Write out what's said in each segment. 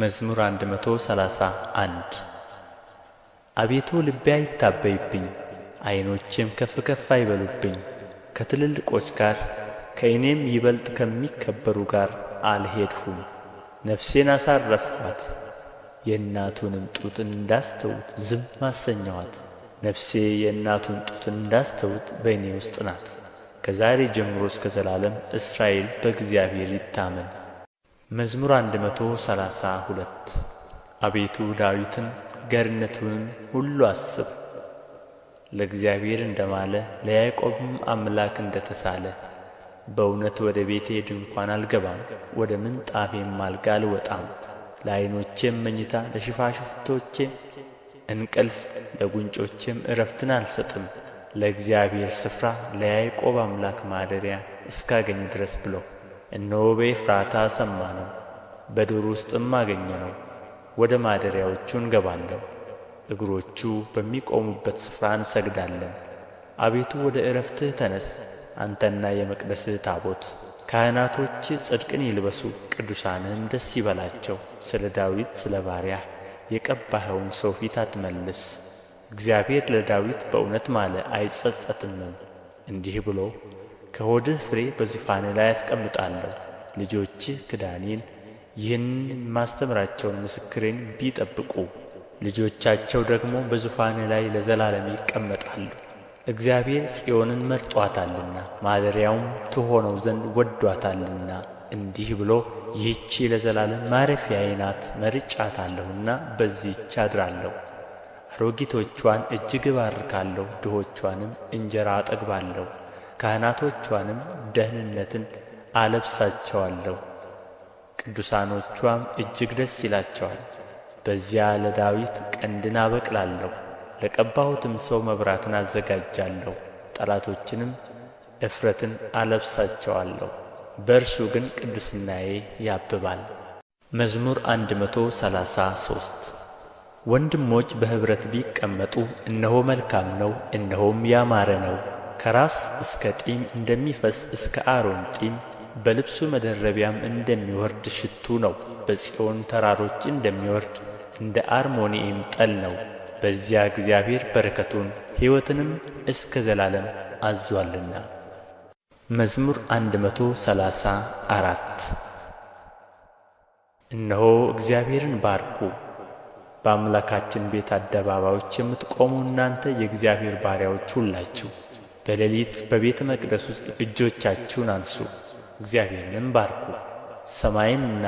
መዝሙር 131 አቤቱ ልቤ አይታበይብኝ፣ ዐይኖቼም ከፍ ከፍ አይበሉብኝ። ከትልልቆች ጋር ከእኔም ይበልጥ ከሚከበሩ ጋር አልሄድሁም። ነፍሴን አሳረፍኋት፣ የእናቱንም ጡት እንዳስተውት ዝም አሰኘኋት። ነፍሴ የእናቱን ጡት እንዳስተውት በእኔ ውስጥ ናት። ከዛሬ ጀምሮ እስከ ዘላለም እስራኤል በእግዚአብሔር ይታመን። መዝሙር አንድ መቶ ሰላሳ ሁለት አቤቱ ዳዊትን ገርነቱንም ሁሉ አስብ። ለእግዚአብሔር እንደማለ ለያዕቆብም አምላክ እንደ ተሳለ በእውነት ወደ ቤቴ ድንኳን አልገባም፣ ወደ ምንጣፌም አልጋ አልወጣም። ለዓይኖቼም መኝታ ለሽፋሽፍቶቼም እንቅልፍ ለጉንጮቼም እረፍትን አልሰጥም፣ ለእግዚአብሔር ስፍራ ለያዕቆብ አምላክ ማደሪያ እስካገኝ ድረስ ብሎ እነሆ በኤፍራታ ነው! በዱር ውስጥም አገኘ ነው! ወደ ማደሪያዎቹ እንገባለን፣ እግሮቹ በሚቆሙበት ስፍራ እንሰግዳለን። አቤቱ ወደ ዕረፍትህ ተነስ፣ አንተና የመቅደስህ ታቦት። ካህናቶች ጽድቅን ይልበሱ፣ ቅዱሳንህም ደስ ይበላቸው። ስለ ዳዊት ስለ ባሪያህ የቀባኸውን ሰው ፊት አትመልስ። እግዚአብሔር ለዳዊት በእውነት ማለ አይጸጸትምም። እንዲህ ብሎ ከሆድህ ፍሬ በዙፋንህ ላይ አስቀምጣለሁ ልጆችህ ክዳኔን ይህን የማስተምራቸውን ምስክሬን ቢጠብቁ ልጆቻቸው ደግሞ በዙፋንህ ላይ ለዘላለም ይቀመጣሉ እግዚአብሔር ጽዮንን መርጧታልና ማደሪያውም ትሆነው ዘንድ ወዷታልና እንዲህ ብሎ ይህቺ ለዘላለም ማረፊያዬ ናት መርጫታለሁና በዚህች አድራለሁ አሮጊቶቿን እጅግ እባርካለሁ ድሆቿንም እንጀራ አጠግባለሁ ካህናቶቿንም ደህንነትን አለብሳቸዋለሁ ቅዱሳኖቿም እጅግ ደስ ይላቸዋል። በዚያ ለዳዊት ቀንድን አበቅላለሁ፣ ለቀባሁትም ሰው መብራትን አዘጋጃለሁ። ጠላቶችንም እፍረትን አለብሳቸዋለሁ። በእርሱ ግን ቅድስናዬ ያብባል። መዝሙር አንድ መቶ ሰላሳ ሶስት ወንድሞች በኅብረት ቢቀመጡ እነሆ መልካም ነው፣ እነሆም ያማረ ነው። ከራስ እስከ ጢም እንደሚፈስ እስከ አሮን ጢም በልብሱ መደረቢያም እንደሚወርድ ሽቱ ነው። በጽዮን ተራሮች እንደሚወርድ እንደ አርሞንኤም ጠል ነው። በዚያ እግዚአብሔር በረከቱን ሕይወትንም እስከ ዘላለም አዟልና። መዝሙር አንድ መቶ ሰላሳ አራት እነሆ እግዚአብሔርን ባርኩ በአምላካችን ቤት አደባባዮች የምትቆሙ እናንተ የእግዚአብሔር ባሪያዎች ሁላችሁ በሌሊት በቤተ መቅደስ ውስጥ እጆቻችሁን አንሱ እግዚአብሔርንም ባርኩ። ሰማይንና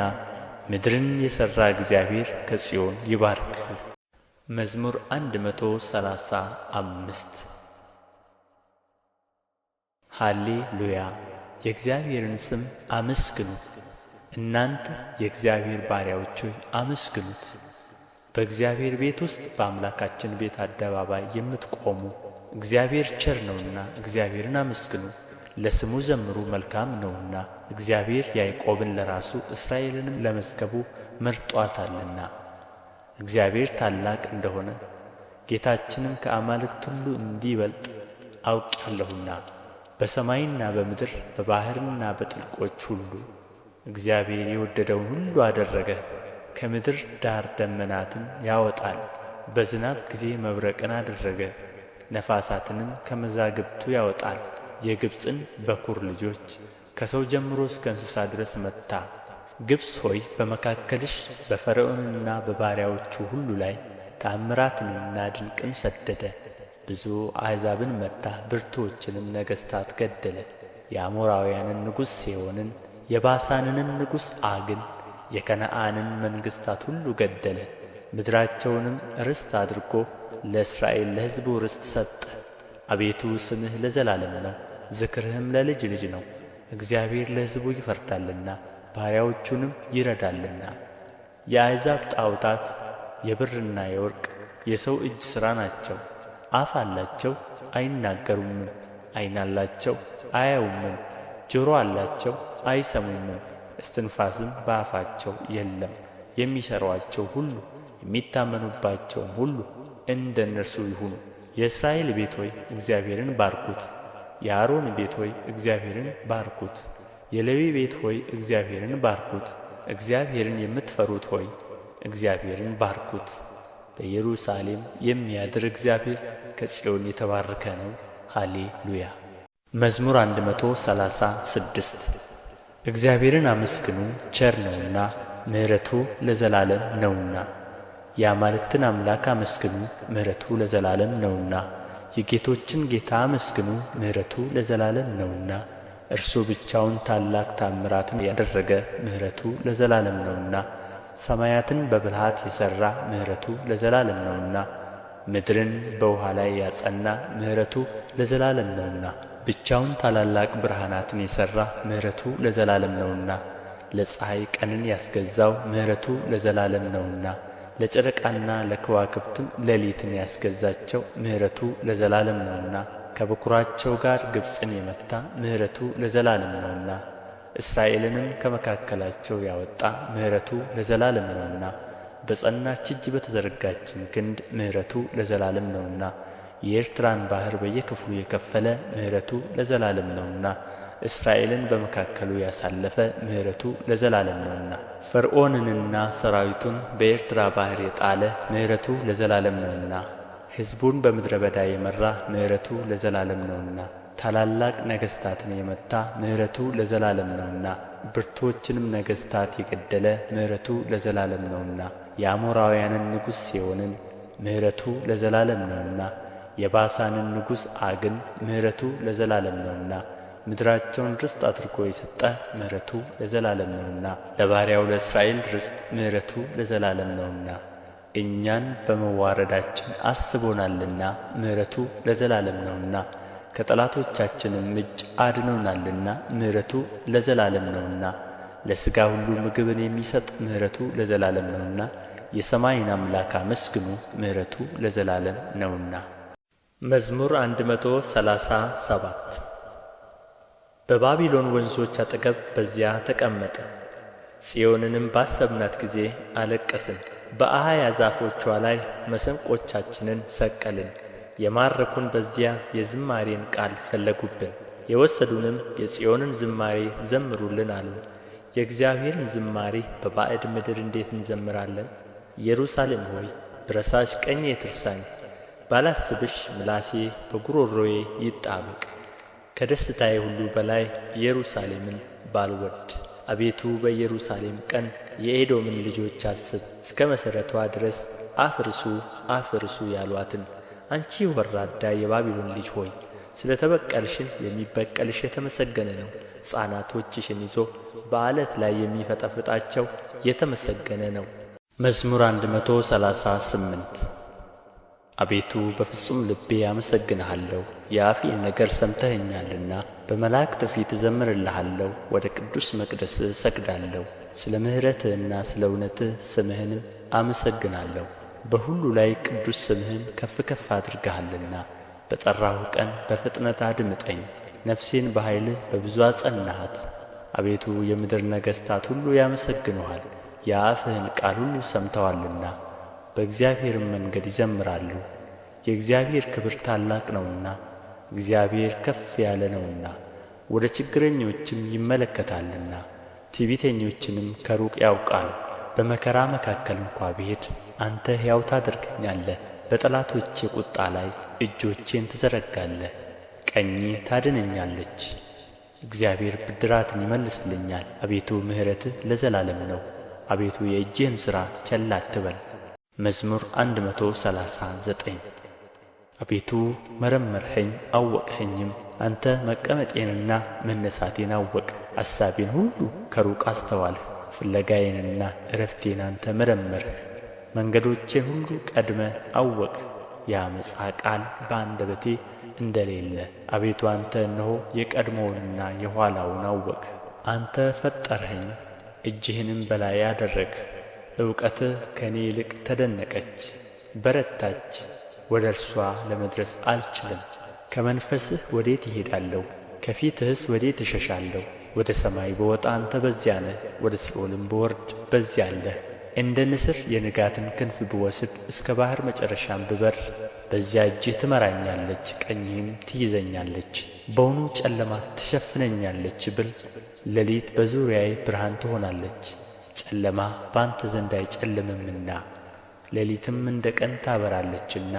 ምድርን የሠራ እግዚአብሔር ከጽዮን ይባርክ። መዝሙር አንድ መቶ ሰላሳ አምስት ሃሌ ሉያ የእግዚአብሔርን ስም አመስግኑት። እናንተ የእግዚአብሔር ባሪያዎች ሆይ አመስግኑት። በእግዚአብሔር ቤት ውስጥ በአምላካችን ቤት አደባባይ የምትቆሙ እግዚአብሔር ቸር ነውና እግዚአብሔርን አመስግኑ ለስሙ ዘምሩ መልካም ነውና እግዚአብሔር ያዕቆብን ለራሱ እስራኤልንም ለመዝገቡ መርጧታልና እግዚአብሔር ታላቅ እንደሆነ ጌታችንም ከአማልክት ሁሉ እንዲበልጥ አውቄአለሁና በሰማይና በምድር በባሕርና በጥልቆች ሁሉ እግዚአብሔር የወደደውን ሁሉ አደረገ። ከምድር ዳር ደመናትን ያወጣል፣ በዝናብ ጊዜ መብረቅን አደረገ። ነፋሳትንም ከመዛግብቱ ያወጣል የግብፅን በኩር ልጆች ከሰው ጀምሮ እስከ እንስሳ ድረስ መታ ግብፅ ሆይ በመካከልሽ በፈርዖንና በባሪያዎቹ ሁሉ ላይ ተአምራትንና ድንቅን ሰደደ ብዙ አሕዛብን መታ ብርቱዎችንም ነገሥታት ገደለ የአሞራውያንን ንጉሥ ሴዎንን የባሳንንም ንጉሥ አግን የከነአንን መንግሥታት ሁሉ ገደለ ምድራቸውንም ርስት አድርጎ ለእስራኤል ለሕዝቡ ርስት ሰጠ። አቤቱ ስምህ ለዘላለም ነው፣ ዝክርህም ለልጅ ልጅ ነው። እግዚአብሔር ለሕዝቡ ይፈርዳልና ባሪያዎቹንም ይረዳልና። የአሕዛብ ጣዖታት የብርና የወርቅ የሰው እጅ ሥራ ናቸው። አፍ አላቸው አይናገሩምም፣ ዓይን አላቸው አያዩምም፣ ጆሮ አላቸው አይሰሙምም፣ እስትንፋስም በአፋቸው የለም። የሚሠሯቸው ሁሉ የሚታመኑባቸውም ሁሉ እንደ እነርሱ ይሁኑ። የእስራኤል ቤት ሆይ እግዚአብሔርን ባርኩት። የአሮን ቤት ሆይ እግዚአብሔርን ባርኩት። የሌዊ ቤት ሆይ እግዚአብሔርን ባርኩት። እግዚአብሔርን የምትፈሩት ሆይ እግዚአብሔርን ባርኩት። በኢየሩሳሌም የሚያድር እግዚአብሔር ከጽዮን የተባረከ ነው። ሃሌ ሉያ። መዝሙር 136 ስድስት እግዚአብሔርን አመስግኑ ቸር ነውና ምሕረቱ ለዘላለም ነውና የአማልክትን አምላክ አመስግኑ ምሕረቱ ለዘላለም ነውና። የጌቶችን ጌታ አመስግኑ ምሕረቱ ለዘላለም ነውና። እርሱ ብቻውን ታላቅ ታምራትን ያደረገ ምሕረቱ ለዘላለም ነውና። ሰማያትን በብልሃት የሠራ ምሕረቱ ለዘላለም ነውና። ምድርን በውኃ ላይ ያጸና ምሕረቱ ለዘላለም ነውና። ብቻውን ታላላቅ ብርሃናትን የሠራ ምሕረቱ ለዘላለም ነውና። ለፀሐይ ቀንን ያስገዛው ምሕረቱ ለዘላለም ነውና። ለጨረቃና ለከዋክብትም ሌሊትን ያስገዛቸው ምሕረቱ ለዘላለም ነውና ከበኩራቸው ጋር ግብፅን የመታ ምሕረቱ ለዘላለም ነውና እስራኤልንም ከመካከላቸው ያወጣ ምሕረቱ ለዘላለም ነውና በጸናች እጅ በተዘረጋችም ክንድ ምሕረቱ ለዘላለም ነውና የኤርትራን ባሕር በየክፍሉ የከፈለ ምሕረቱ ለዘላለም ነውና እስራኤልን በመካከሉ ያሳለፈ ምሕረቱ ለዘላለም ነውና ፈርዖንንና ሰራዊቱን በኤርትራ ባሕር የጣለ ምሕረቱ ለዘላለም ነውና ሕዝቡን በምድረ በዳ የመራ ምሕረቱ ለዘላለም ነውና ታላላቅ ነገሥታትን የመታ ምሕረቱ ለዘላለም ነውና ብርቶችንም ነገሥታት የገደለ ምሕረቱ ለዘላለም ነውና የአሞራውያንን ንጉሥ ሲሆንን ምሕረቱ ለዘላለም ነውና የባሳንን ንጉሥ አግን ምሕረቱ ለዘላለም ነውና ምድራቸውን ርስት አድርጎ የሰጠ ምሕረቱ ለዘላለም ነውና ለባሪያው ለእስራኤል ርስት ምሕረቱ ለዘላለም ነውና እኛን በመዋረዳችን አስቦናልና ምሕረቱ ለዘላለም ነውና ከጠላቶቻችንም እጅ አድኖናልና ምሕረቱ ለዘላለም ነውና ለሥጋ ሁሉ ምግብን የሚሰጥ ምሕረቱ ለዘላለም ነውና የሰማይን አምላክ አመስግኑ ምሕረቱ ለዘላለም ነውና መዝሙር አንድ መቶ ሰላሳ ሰባት በባቢሎን ወንዞች አጠገብ በዚያ ተቀመጠ ጽዮንንም ባሰብናት ጊዜ አለቀስን። በአህያ ዛፎቿ ላይ መሰንቆቻችንን ሰቀልን። የማረኩን በዚያ የዝማሬን ቃል ፈለጉብን። የወሰዱንም የጽዮንን ዝማሬ ዘምሩልን አሉ። የእግዚአብሔርን ዝማሬ በባዕድ ምድር እንዴት እንዘምራለን? ኢየሩሳሌም ሆይ ብረሳሽ ቀኜ ትርሳኝ፣ ባላስብሽ ምላሴ በጉሮሮዬ ይጣበቅ። ከደስታዬ ሁሉ በላይ ኢየሩሳሌምን ባልወድ። አቤቱ በኢየሩሳሌም ቀን የኤዶምን ልጆች አስብ እስከ መሠረቷ ድረስ አፍርሱ አፍርሱ ያሏትን። አንቺ ወራዳ የባቢሎን ልጅ ሆይ ስለ ተበቀልሽን የሚበቀልሽ የተመሰገነ ነው ሕፃናቶችሽን ይዞ በዓለት ላይ የሚፈጠፍጣቸው የተመሰገነ ነው መዝሙር አንድ መቶ ሰላሳ ስምንት አቤቱ በፍጹም ልቤ አመሰግንሃለሁ የአፌን ነገር ሰምተኸኛልና በመላእክት ፊት እዘምርልሃለሁ ወደ ቅዱስ መቅደስህ እሰግዳለሁ ስለ ምሕረትህና ስለ እውነትህ ስምህንም አመሰግናለሁ በሁሉ ላይ ቅዱስ ስምህን ከፍ ከፍ አድርገሃልና በጠራሁ ቀን በፍጥነት አድምጠኝ ነፍሴን በኃይልህ በብዙ አጸናሃት አቤቱ የምድር ነገሥታት ሁሉ ያመሰግኑሃል የአፍህን ቃል ሁሉ ሰምተዋልና በእግዚአብሔርም መንገድ ይዘምራሉ። የእግዚአብሔር ክብር ታላቅ ነውና እግዚአብሔር ከፍ ያለ ነውና ወደ ችግረኞችም ይመለከታልና ትዕቢተኞችንም ከሩቅ ያውቃል። በመከራ መካከል እንኳ ብሄድ አንተ ሕያው ታደርገኛለህ። በጠላቶቼ ቁጣ ላይ እጆቼን ትዘረጋለህ፣ ቀኜ ታድነኛለች። እግዚአብሔር ብድራትን ይመልስልኛል። አቤቱ ምሕረትህ ለዘላለም ነው። አቤቱ የእጅህን ሥራ ቸል አትበል። መዝሙር አንድ መቶ ሰላሳ ዘጠኝ አቤቱ መረመርኸኝ አወቅኸኝም። አንተ መቀመጤንና መነሳቴን አወቅ። አሳቤን ሁሉ ከሩቅ አስተዋልህ። ፍለጋዬንና እረፍቴን አንተ መረመርህ። መንገዶቼን ሁሉ ቀድመ አወቅ። የአመፃ ቃል በአንደበቴ እንደሌለ አቤቱ አንተ እነሆ የቀድሞውንና የኋላውን አወቅ። አንተ ፈጠርኸኝ እጅህንም በላይ አደረግህ ዕውቀትህ ከእኔ ይልቅ ተደነቀች በረታች ወደ እርስዋ ለመድረስ አልችልም ከመንፈስህ ወዴት ይሄዳለሁ ከፊትህስ ወዴት እሸሻለሁ ወደ ሰማይ በወጣ አንተ በዚያ ነህ ወደ ሲኦልም በወርድ በዚያ አለህ እንደ ንስር የንጋትን ክንፍ ብወስድ እስከ ባሕር መጨረሻም ብበር በዚያ እጅህ ትመራኛለች ቀኝህም ትይዘኛለች በውኑ ጨለማ ትሸፍነኛለች ብል ሌሊት በዙሪያዬ ብርሃን ትሆናለች ጨለማ በአንተ ዘንድ አይጨልምምና ሌሊትም እንደ ቀን ታበራለችና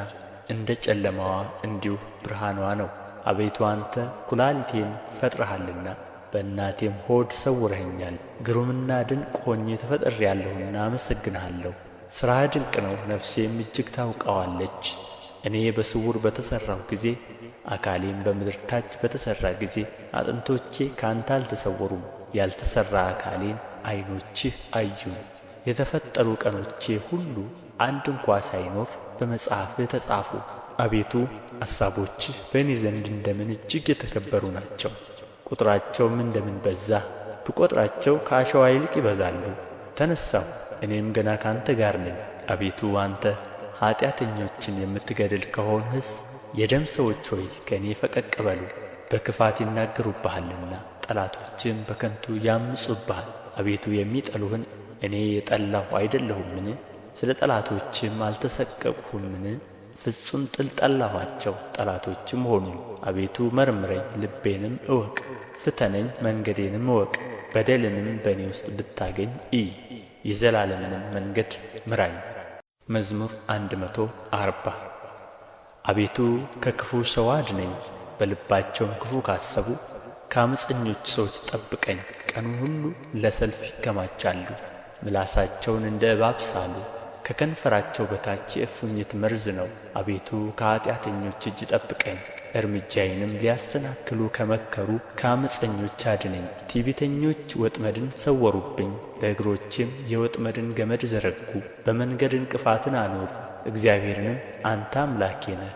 እንደ ጨለማዋ እንዲሁ ብርሃንዋ ነው አቤቱ አንተ ኩላሊቴን ፈጥረሃልና በእናቴም ሆድ ሰውረኸኛል ግሩምና ድንቅ ሆኜ ተፈጥሬአለሁና አመሰግንሃለሁ ሥራህ ድንቅ ነው ነፍሴም እጅግ ታውቀዋለች እኔ በስውር በተሠራሁ ጊዜ አካሌም በምድር ታች በተሠራ ጊዜ አጥንቶቼ ከአንተ አልተሰወሩም ያልተሠራ አካሌን ዐይኖችህ አዩን የተፈጠሩ ቀኖቼ ሁሉ አንድ እንኳ ሳይኖር በመጽሐፍህ ተጻፉ አቤቱ አሳቦችህ በእኔ ዘንድ እንደ ምን እጅግ የተከበሩ ናቸው ቁጥራቸውም እንደ ምን በዛ ብቈጥራቸው ከአሸዋ ይልቅ ይበዛሉ ተነሳው እኔም ገና ከአንተ ጋር ነኝ አቤቱ አንተ ኀጢአተኞችን የምትገድል ከሆንህስ የደም ሰዎች ሆይ ከእኔ ፈቀቅ በሉ በክፋት ይናገሩብሃልና ጠላቶችም በከንቱ ያምፁብሃል አቤቱ የሚጠሉህን እኔ የጠላሁ አይደለሁምን ስለ ጠላቶችህም አልተሰቀቅሁምን ፍጹም ጥል ጠላኋቸው ጠላቶችም ሆኑ አቤቱ መርምረኝ ልቤንም እወቅ ፍተነኝ መንገዴንም እወቅ በደልንም በእኔ ውስጥ ብታገኝ እይ የዘላለምንም መንገድ ምራኝ መዝሙር አንድ መቶ አርባ አቤቱ ከክፉ ሰው አድነኝ በልባቸውም ክፉ ካሰቡ ከአመፀኞች ሰዎች ጠብቀኝ ቀኑን ሁሉ ለሰልፍ ይከማቻሉ ምላሳቸውን እንደ እባብ ሳሉ ከከንፈራቸው በታች የእፉኝት መርዝ ነው አቤቱ ከኃጢአተኞች እጅ ጠብቀኝ እርምጃዬንም ሊያሰናክሉ ከመከሩ ከአመፀኞች አድነኝ ትዕቢተኞች ወጥመድን ሰወሩብኝ ለእግሮቼም የወጥመድን ገመድ ዘረጉ በመንገድ እንቅፋትን አኖሩ እግዚአብሔርንም አንተ አምላኬ ነህ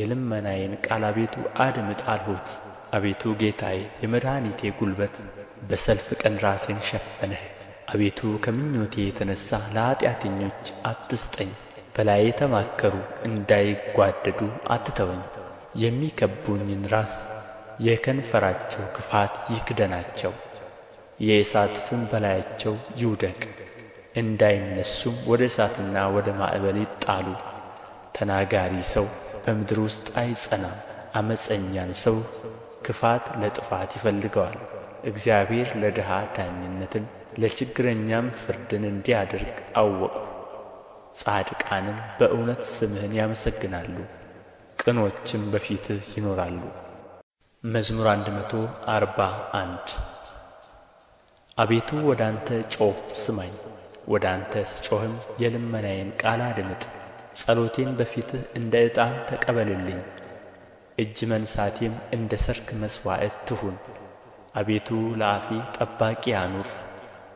የልመናዬን ቃል አቤቱ አድምጥ አልሁት አቤቱ ጌታዬ የመድኃኒቴ ጉልበት በሰልፍ ቀን ራሴን ሸፈነ አቤቱ ከምኞቴ የተነሣ ለኃጢአተኞች አትስጠኝ። በላዬ የተማከሩ እንዳይጓደዱ አትተወኝ። የሚከቡኝን ራስ የከንፈራቸው ክፋት ይክደናቸው። የእሳት ፍም በላያቸው ይውደቅ፣ እንዳይነሱም ወደ እሳትና ወደ ማዕበል ይጣሉ። ተናጋሪ ሰው በምድር ውስጥ አይጸናም። አመፀኛን ሰው ክፋት ለጥፋት ይፈልገዋል። እግዚአብሔር ለድሃ ዳኝነትን ለችግረኛም ፍርድን እንዲያደርግ አወቅሁ ጻድቃንም በእውነት ስምህን ያመሰግናሉ ቅኖችም በፊትህ ይኖራሉ መዝሙር አንድ መቶ አርባ አንድ አቤቱ ወደ አንተ ጮህ ስማኝ ወደ አንተ ስጮህም የልመናዬን ቃል አድምጥ ጸሎቴን በፊትህ እንደ ዕጣን ተቀበልልኝ እጅ መንሣቴም እንደ ሰርክ መሥዋዕት ትሁን አቤቱ ለአፊ ጠባቂ አኑር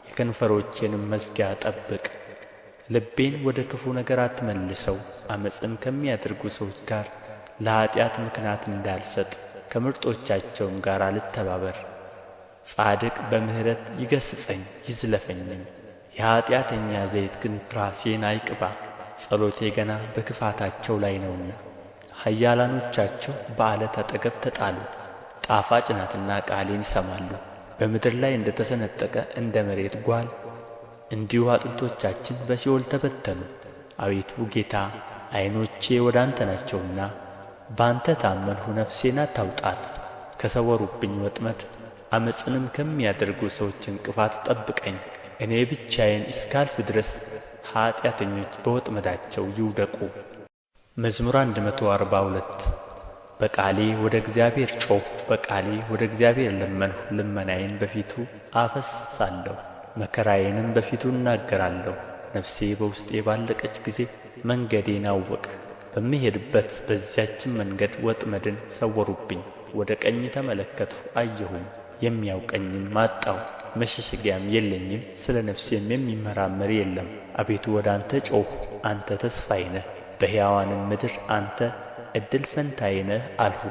የከንፈሮቼንም መዝጊያ ጠብቅ ልቤን ወደ ክፉ ነገር አትመልሰው ዓመፅን ከሚያደርጉ ሰዎች ጋር ለኀጢአት ምክንያት እንዳልሰጥ ከምርጦቻቸውም ጋር አልተባበር ጻድቅ በምሕረት ይገሥጸኝ ይዝለፈኝም የኀጢአተኛ ዘይት ግን ራሴን አይቅባ ጸሎቴ ገና በክፋታቸው ላይ ነውና ኃያላኖቻቸው በዓለት አጠገብ ተጣሉ ጣፋጭ ናትና ቃሌን ይሰማሉ። በምድር ላይ እንደ ተሰነጠቀ እንደ መሬት ጓል እንዲሁ አጥንቶቻችን በሲኦል ተበተኑ። አቤቱ ጌታ ዐይኖቼ ወደ አንተ ናቸውና በአንተ ታመንሁ፣ ነፍሴን አታውጣት። ከሰወሩብኝ ወጥመድ ዓመፅንም ከሚያደርጉ ሰዎች እንቅፋት ጠብቀኝ። እኔ ብቻዬን እስካልፍ ድረስ ኀጢአተኞች በወጥመዳቸው ይውደቁ። መዝሙር አንድ መቶ አርባ ሁለት በቃሌ ወደ እግዚአብሔር ጮህ በቃሌ ወደ እግዚአብሔር ለመንሁ ልመናዬን በፊቱ አፈስሳለሁ መከራዬንም በፊቱ እናገራለሁ ነፍሴ በውስጤ ባለቀች ጊዜ መንገዴን አወቅ በምሄድበት በዚያችን መንገድ ወጥመድን ሰወሩብኝ ወደ ቀኝ ተመለከትሁ አየሁም የሚያውቀኝን ማጣው መሸሸጊያም የለኝም ስለ ነፍሴም የሚመራመር የለም አቤቱ ወደ አንተ ጮኽሁ አንተ ተስፋዬ ነህ በሕያዋንም ምድር አንተ እድል ፈንታዬ ነህ አልሁ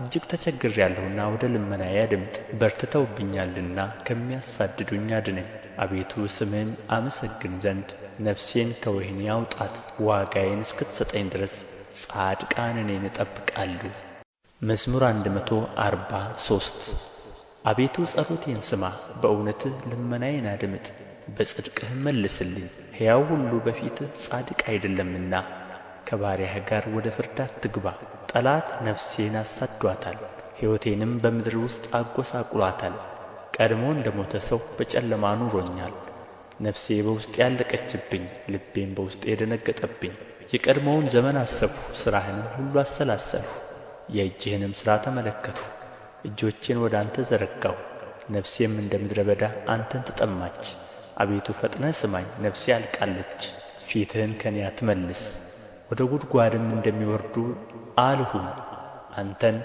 እጅግ ተቸግሬአለሁና ወደ ልመናዬ አድምጥ በርትተውብኛልና ከሚያሳድዱኝ አድነኝ አቤቱ ስምህን አመሰግን ዘንድ ነፍሴን ከወህኒ አውጣት ዋጋዬን እስክትሰጠኝ ድረስ ጻድቃን እኔን ይጠብቃሉ መዝሙር አንድ መቶ አርባ ሶስት አቤቱ ጸሎቴን ስማ በእውነትህ ልመናዬን አድምጥ በጽድቅህ መልስልኝ ሕያው ሁሉ በፊትህ ጻድቅ አይደለምና ከባሪያህ ጋር ወደ ፍርድ አትግባ ጠላት ነፍሴን አሳድዷታል ሕይወቴንም በምድር ውስጥ አጐሳቁሏታል። ቀድሞ እንደ ሞተ ሰው በጨለማ ኑሮኛል ነፍሴ በውስጤ ያለቀችብኝ ልቤም በውስጤ የደነገጠብኝ የቀድሞውን ዘመን አሰብሁ ሥራህንም ሁሉ አሰላሰልሁ የእጅህንም ሥራ ተመለከትሁ እጆቼን ወደ አንተ ዘረጋሁ ነፍሴም እንደ ምድረ በዳ አንተን ተጠማች አቤቱ ፈጥነህ ስማኝ ነፍሴ አልቃለች ፊትህን ከኔ አትመልስ ወደ ጉድጓድም እንደሚወርዱ አልሁም አንተን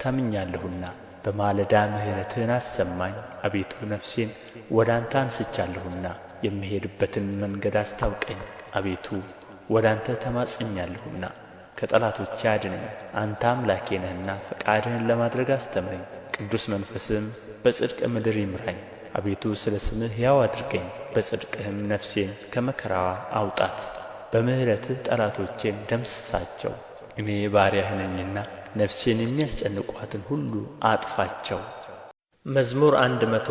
ታምኛለሁና በማለዳ ምሕረትህን አሰማኝ አቤቱ ነፍሴን ወደ አንተ አንስቻለሁና የምሄድበትን መንገድ አስታውቀኝ አቤቱ ወደ አንተ ተማጽኛለሁና ከጠላቶቼ አድነኝ አንተ አምላኬ ነህና ፈቃድህን ለማድረግ አስተምረኝ ቅዱስ መንፈስም በጽድቅ ምድር ይምራኝ አቤቱ ስለ ስምህ ሕያው አድርገኝ በጽድቅህም ነፍሴን ከመከራዋ አውጣት በምሕረትህ ጠላቶቼን ደምስሳቸው እኔ ባሪያህ ነኝና ነፍሴን የሚያስጨንቋትን ሁሉ አጥፋቸው መዝሙር አንድ መቶ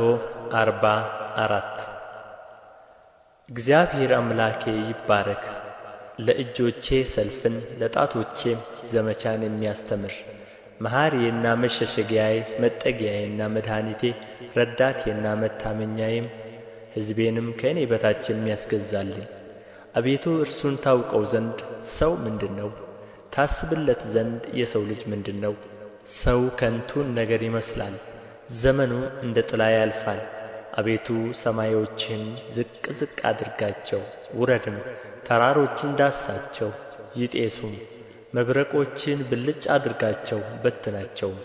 አርባ አራት እግዚአብሔር አምላኬ ይባረክ ለእጆቼ ሰልፍን ለጣቶቼም ዘመቻን የሚያስተምር መሐሪዬና መሸሸጊያዬ መጠጊያዬና መድኃኒቴ ረዳቴና መታመኛዬም ሕዝቤንም ከእኔ በታች የሚያስገዛልኝ አቤቱ እርሱን ታውቀው ዘንድ ሰው ምንድን ነው ታስብለት ዘንድ የሰው ልጅ ምንድን ነው ሰው ከንቱን ነገር ይመስላል ዘመኑ እንደ ጥላ ያልፋል አቤቱ ሰማዮችህን ዝቅ ዝቅ አድርጋቸው ውረድም ተራሮችን ዳሳቸው ይጤሱም መብረቆችን ብልጭ አድርጋቸው በትናቸውም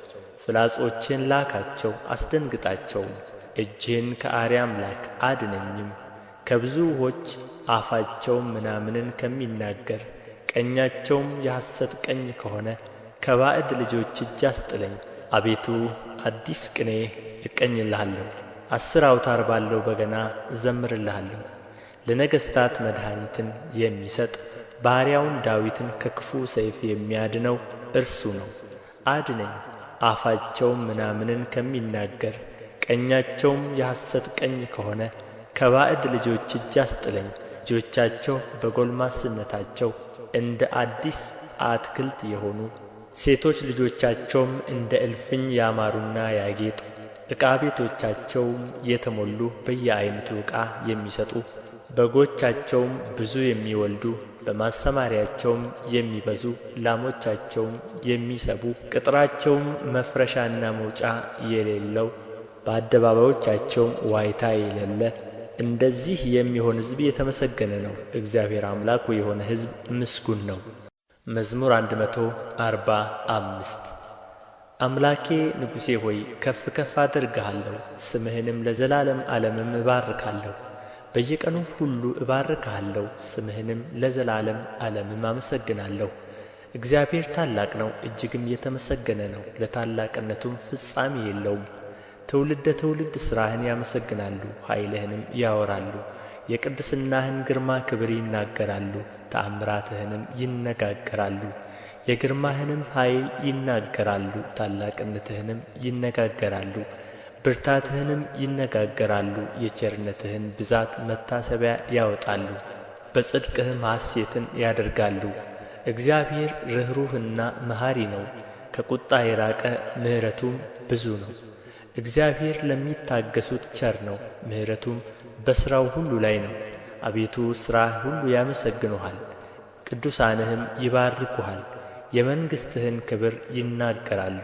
ፍላጾችን ላካቸው አስደንግጣቸውም እጅህን ከአርያም ላክ አድነኝም ከብዙ ውኆች አፋቸውም ምናምንን ከሚናገር ቀኛቸውም የሐሰት ቀኝ ከሆነ ከባዕድ ልጆች እጅ አስጥለኝ። አቤቱ አዲስ ቅኔ እቀኝልሃለሁ፣ አስር አውታር ባለው በገና እዘምርልሃለሁ። ለነገሥታት መድኃኒትን የሚሰጥ ባሪያውን ዳዊትን ከክፉ ሰይፍ የሚያድነው እርሱ ነው። አድነኝ፣ አፋቸውም ምናምንን ከሚናገር ቀኛቸውም የሐሰት ቀኝ ከሆነ ከባዕድ ልጆች እጅ አስጥለኝ። ልጆቻቸው በጎልማስነታቸው እንደ አዲስ አትክልት የሆኑ ሴቶች ልጆቻቸውም እንደ እልፍኝ ያማሩና ያጌጡ ዕቃ ቤቶቻቸውም የተሞሉ በየአይነቱ ዕቃ የሚሰጡ በጎቻቸውም ብዙ የሚወልዱ በማሰማሪያቸውም የሚበዙ ላሞቻቸውም የሚሰቡ ቅጥራቸውም መፍረሻና መውጫ የሌለው በአደባባዮቻቸውም ዋይታ የሌለ እንደዚህ የሚሆን ሕዝብ የተመሰገነ ነው። እግዚአብሔር አምላኩ የሆነ ሕዝብ ምስጉን ነው። መዝሙር አንድ መቶ አርባ አምስት አምላኬ ንጉሴ ሆይ ከፍ ከፍ አደርግሃለሁ፣ ስምህንም ለዘላለም ዓለምም እባርካለሁ። በየቀኑ ሁሉ እባርካለሁ፣ ስምህንም ለዘላለም ዓለምም አመሰግናለሁ። እግዚአብሔር ታላቅ ነው፣ እጅግም የተመሰገነ ነው፣ ለታላቅነቱም ፍጻሜ የለውም። ትውልደ ትውልድ ሥራህን ያመሰግናሉ ኃይልህንም ያወራሉ የቅድስናህን ግርማ ክብር ይናገራሉ ተአምራትህንም ይነጋገራሉ የግርማህንም ኃይል ይናገራሉ ታላቅነትህንም ይነጋገራሉ ብርታትህንም ይነጋገራሉ የቸርነትህን ብዛት መታሰቢያ ያወጣሉ በጽድቅህም ሐሴትን ያደርጋሉ እግዚአብሔር ርኅሩህና መሐሪ ነው ከቁጣ የራቀ ምሕረቱም ብዙ ነው እግዚአብሔር ለሚታገሱት ቸር ነው ምሕረቱም በሥራው ሁሉ ላይ ነው አቤቱ ሥራህ ሁሉ ያመሰግኑሃል ቅዱሳንህም ይባርኩሃል የመንግሥትህን ክብር ይናገራሉ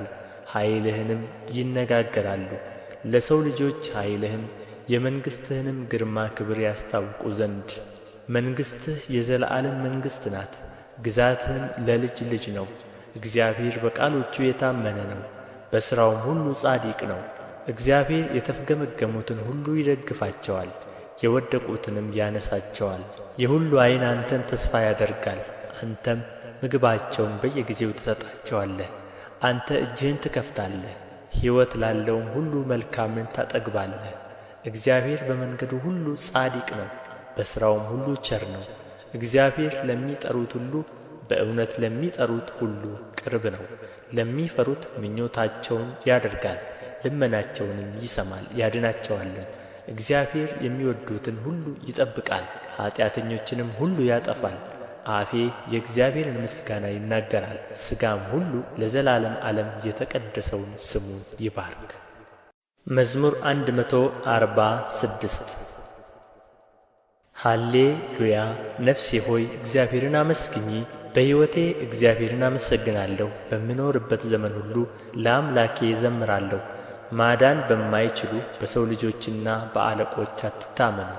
ኃይልህንም ይነጋገራሉ ለሰው ልጆች ኃይልህን የመንግሥትህንም ግርማ ክብር ያስታውቁ ዘንድ መንግሥትህ የዘላለም መንግሥት ናት ግዛትህም ለልጅ ልጅ ነው እግዚአብሔር በቃሎቹ የታመነ ነው በሥራውም ሁሉ ጻድቅ ነው እግዚአብሔር የተፍገመገሙትን ሁሉ ይደግፋቸዋል የወደቁትንም ያነሳቸዋል የሁሉ ዓይን አንተን ተስፋ ያደርጋል አንተም ምግባቸውን በየጊዜው ትሰጣቸዋለህ አንተ እጅህን ትከፍታለህ ሕይወት ላለውም ሁሉ መልካምን ታጠግባለህ እግዚአብሔር በመንገዱ ሁሉ ጻድቅ ነው በሥራውም ሁሉ ቸር ነው እግዚአብሔር ለሚጠሩት ሁሉ በእውነት ለሚጠሩት ሁሉ ቅርብ ነው። ለሚፈሩት ምኞታቸውን ያደርጋል፣ ልመናቸውንም ይሰማል ያድናቸዋልም። እግዚአብሔር የሚወዱትን ሁሉ ይጠብቃል፣ ኀጢአተኞችንም ሁሉ ያጠፋል። አፌ የእግዚአብሔርን ምስጋና ይናገራል፣ ሥጋም ሁሉ ለዘላለም ዓለም የተቀደሰውን ስሙን ይባርክ። መዝሙር አንድ መቶ አርባ ስድስት ሃሌ ሉያ ነፍሴ ሆይ እግዚአብሔርን አመስግኚ በሕይወቴ እግዚአብሔርን አመሰግናለሁ በምኖርበት ዘመን ሁሉ ለአምላኬ እዘምራለሁ ማዳን በማይችሉ በሰው ልጆችና በአለቆች አትታመኑ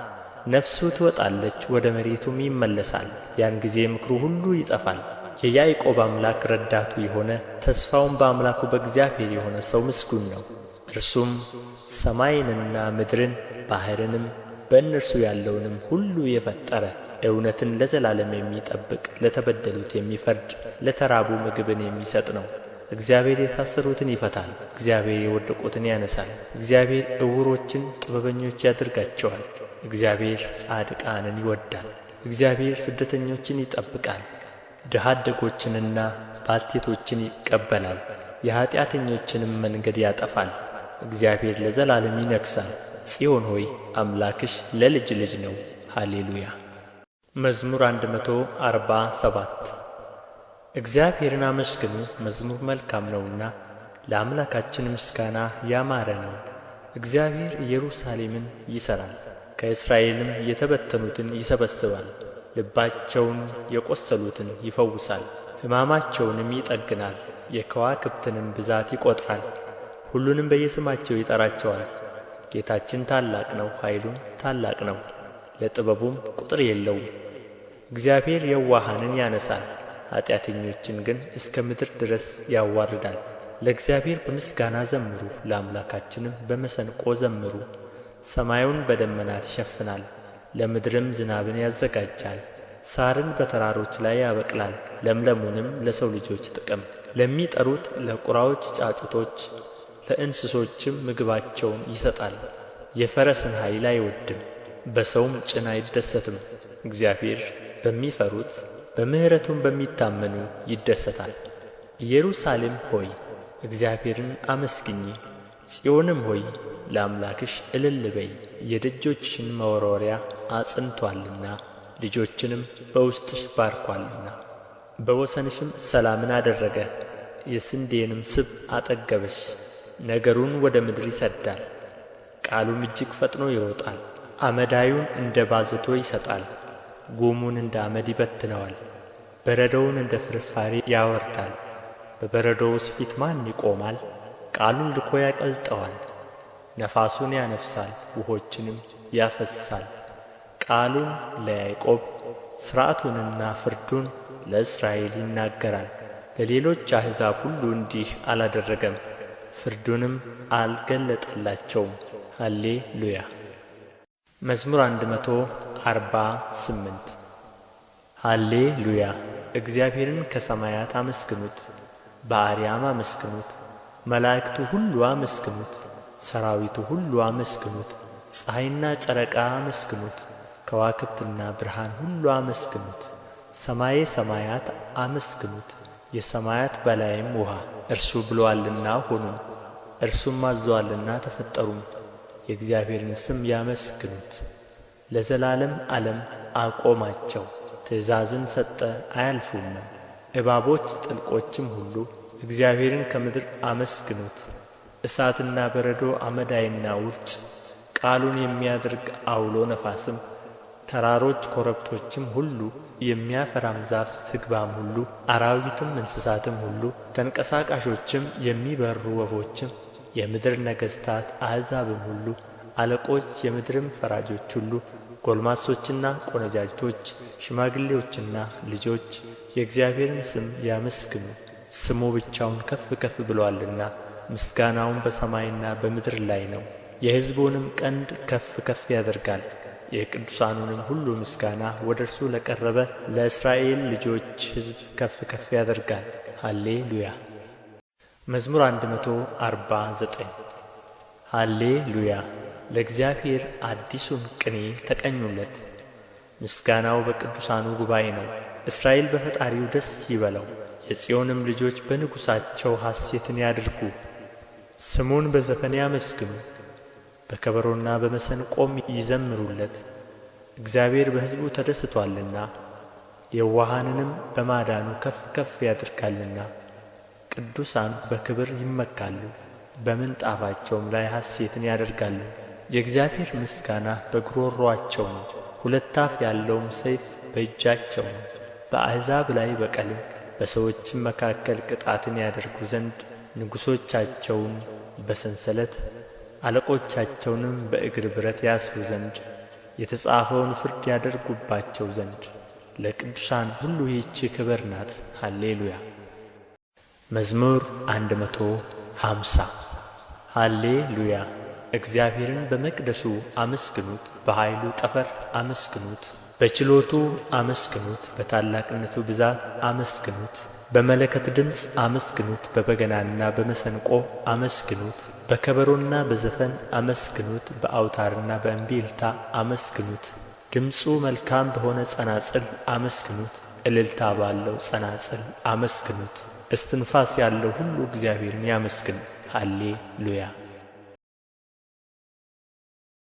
ነፍሱ ትወጣለች ወደ መሬቱም ይመለሳል ያን ጊዜ ምክሩ ሁሉ ይጠፋል የያዕቆብ አምላክ ረዳቱ የሆነ ተስፋውም በአምላኩ በእግዚአብሔር የሆነ ሰው ምስጉን ነው እርሱም ሰማይንና ምድርን ባሕርንም በእነርሱ ያለውንም ሁሉ የፈጠረ እውነትን ለዘላለም የሚጠብቅ ለተበደሉት የሚፈርድ ለተራቡ ምግብን የሚሰጥ ነው እግዚአብሔር የታሰሩትን ይፈታል እግዚአብሔር የወደቁትን ያነሳል እግዚአብሔር ዕውሮችን ጥበበኞች ያደርጋቸዋል እግዚአብሔር ጻድቃንን ይወዳል እግዚአብሔር ስደተኞችን ይጠብቃል ድሀ አደጎችንና ባልቴቶችን ይቀበላል የኀጢአተኞችንም መንገድ ያጠፋል እግዚአብሔር ለዘላለም ይነግሣል ጽዮን ሆይ አምላክሽ ለልጅ ልጅ ነው ሃሌሉያ መዝሙር አንድ መቶ አርባ ሰባት እግዚአብሔርን አመስግኑ መዝሙር መልካም ነውና ለአምላካችን ምስጋና ያማረ ነው። እግዚአብሔር ኢየሩሳሌምን ይሠራል፣ ከእስራኤልም የተበተኑትን ይሰበስባል። ልባቸውን የቈሰሉትን ይፈውሳል፣ ሕማማቸውንም ይጠግናል። የከዋክብትንም ብዛት ይቈጥራል፣ ሁሉንም በየስማቸው ይጠራቸዋል። ጌታችን ታላቅ ነው፣ ኃይሉም ታላቅ ነው፣ ለጥበቡም ቁጥር የለውም። እግዚአብሔር የዋሃንን ያነሣል፣ ኃጢአተኞችን ግን እስከ ምድር ድረስ ያዋርዳል። ለእግዚአብሔር በምስጋና ዘምሩ፣ ለአምላካችንም በመሰንቆ ዘምሩ። ሰማዩን በደመናት ይሸፍናል፣ ለምድርም ዝናብን ያዘጋጃል። ሳርን በተራሮች ላይ ያበቅላል፣ ለምለሙንም ለሰው ልጆች ጥቅም፣ ለሚጠሩት ለቁራዎች ጫጩቶች፣ ለእንስሶችም ምግባቸውን ይሰጣል። የፈረስን ኃይል አይወድም፣ በሰውም ጭን አይደሰትም። እግዚአብሔር በሚፈሩት በምሕረቱም በሚታመኑ ይደሰታል። ኢየሩሳሌም ሆይ እግዚአብሔርን አመስግኚ፣ ጽዮንም ሆይ ለአምላክሽ እልል በይ። የደጆችሽን መወርወሪያ አጽንቶአልና ልጆችንም በውስጥሽ ባርኳልና። በወሰንሽም ሰላምን አደረገ፣ የስንዴንም ስብ አጠገበሽ። ነገሩን ወደ ምድር ይሰዳል፣ ቃሉም እጅግ ፈጥኖ ይሮጣል። አመዳዩን እንደ ባዘቶ ይሰጣል። ጉሙን እንደ አመድ ይበትነዋል፣ በረዶውን እንደ ፍርፋሪ ያወርዳል። በበረዶውስ ፊት ማን ይቆማል? ቃሉን ልኮ ያቀልጠዋል፣ ነፋሱን ያነፍሳል፣ ውሆችንም ያፈሳል። ቃሉን ለያዕቆብ ሥርዓቱንና ፍርዱን ለእስራኤል ይናገራል። ለሌሎች አሕዛብ ሁሉ እንዲህ አላደረገም፣ ፍርዱንም አልገለጠላቸውም። ሃሌ ሉያ መዝሙር አንድ መቶ እግዚአብሔርን ከሰማያት አመስግኑት፣ በአርያም አመስግኑት፣ መላእክቱ ሁሉ አመስግኑት፣ ሰራዊቱ ሁሉ አመስግኑት፣ ፀሐይና ጨረቃ አመስግኑት፣ ከዋክብትና ብርሃን ሁሉ አመስግኑት፣ ሰማየ ሰማያት አመስግኑት፣ የሰማያት በላይም ውሃ። እርሱ ብሎአልና ሆኑም፣ እርሱም አዘዋልና ተፈጠሩም። የእግዚአብሔርን ስም ያመስግኑት ለዘላለም ዓለም አቆማቸው ትእዛዝን ሰጠ አያልፉም እባቦች ጥልቆችም ሁሉ እግዚአብሔርን ከምድር አመስግኑት እሳትና በረዶ አመዳይና ውርጭ ቃሉን የሚያደርግ አውሎ ነፋስም ተራሮች ኮረብቶችም ሁሉ የሚያፈራም ዛፍ ዝግባም ሁሉ አራዊትም እንስሳትም ሁሉ ተንቀሳቃሾችም የሚበሩ ወፎችም የምድር ነገሥታት አሕዛብም ሁሉ አለቆች፣ የምድርም ፈራጆች ሁሉ ጎልማሶችና ቆነጃጅቶች፣ ሽማግሌዎችና ልጆች የእግዚአብሔርን ስም ያመስግኑ። ስሙ ብቻውን ከፍ ከፍ ብሎአልና ምስጋናውን በሰማይና በምድር ላይ ነው። የሕዝቡንም ቀንድ ከፍ ከፍ ያደርጋል። የቅዱሳኑንም ሁሉ ምስጋና ወደ እርሱ ለቀረበ ለእስራኤል ልጆች ሕዝብ ከፍ ከፍ ያደርጋል። ሃሌ ሉያ መዝሙር 149 ሃሌሉያ ለእግዚአብሔር አዲሱን ቅኔ ተቀኙለት። ምስጋናው በቅዱሳኑ ጉባኤ ነው። እስራኤል በፈጣሪው ደስ ይበለው፣ የጽዮንም ልጆች በንጉሣቸው ሐሴትን ያድርጉ። ስሙን በዘፈን ያመስግኑ፣ በከበሮና በመሰንቆም ይዘምሩለት። እግዚአብሔር በሕዝቡ ተደስቶአልና፣ የዋሃንንም በማዳኑ ከፍ ከፍ ያደርጋልና ቅዱሳን በክብር ይመካሉ በምንጣፋቸውም ላይ ሐሴትን ያደርጋሉ የእግዚአብሔር ምስጋና በጕሮሮአቸው ነው ሁለት አፍ ያለውም ሰይፍ በእጃቸው ነው በአሕዛብ ላይ በቀልም በሰዎችም መካከል ቅጣትን ያደርጉ ዘንድ ንጉሦቻቸውን በሰንሰለት አለቆቻቸውንም በእግር ብረት ያስሩ ዘንድ የተጻፈውን ፍርድ ያደርጉባቸው ዘንድ ለቅዱሳን ሁሉ ይህች ክብር ናት። ሃሌሉያ። መዝሙር መቶ ሃምሳ ሃሌ ሉያ እግዚአብሔርን በመቅደሱ አመስግኑት በኃይሉ ጠፈር አመስግኑት በችሎቱ አመስግኑት በታላቅነቱ ብዛት አመስግኑት በመለከት ድምፅ አመስግኑት በበገናና በመሰንቆ አመስግኑት በከበሮና በዘፈን አመስግኑት በአውታርና በእምቢልታ አመስግኑት ድምፁ መልካም በሆነ ጸናጽል አመስግኑት እልልታ ባለው ጸናጽል አመስግኑት እስትንፋስ ያለው ሁሉ እግዚአብሔርን ያመስግን ሃሌ ሉያ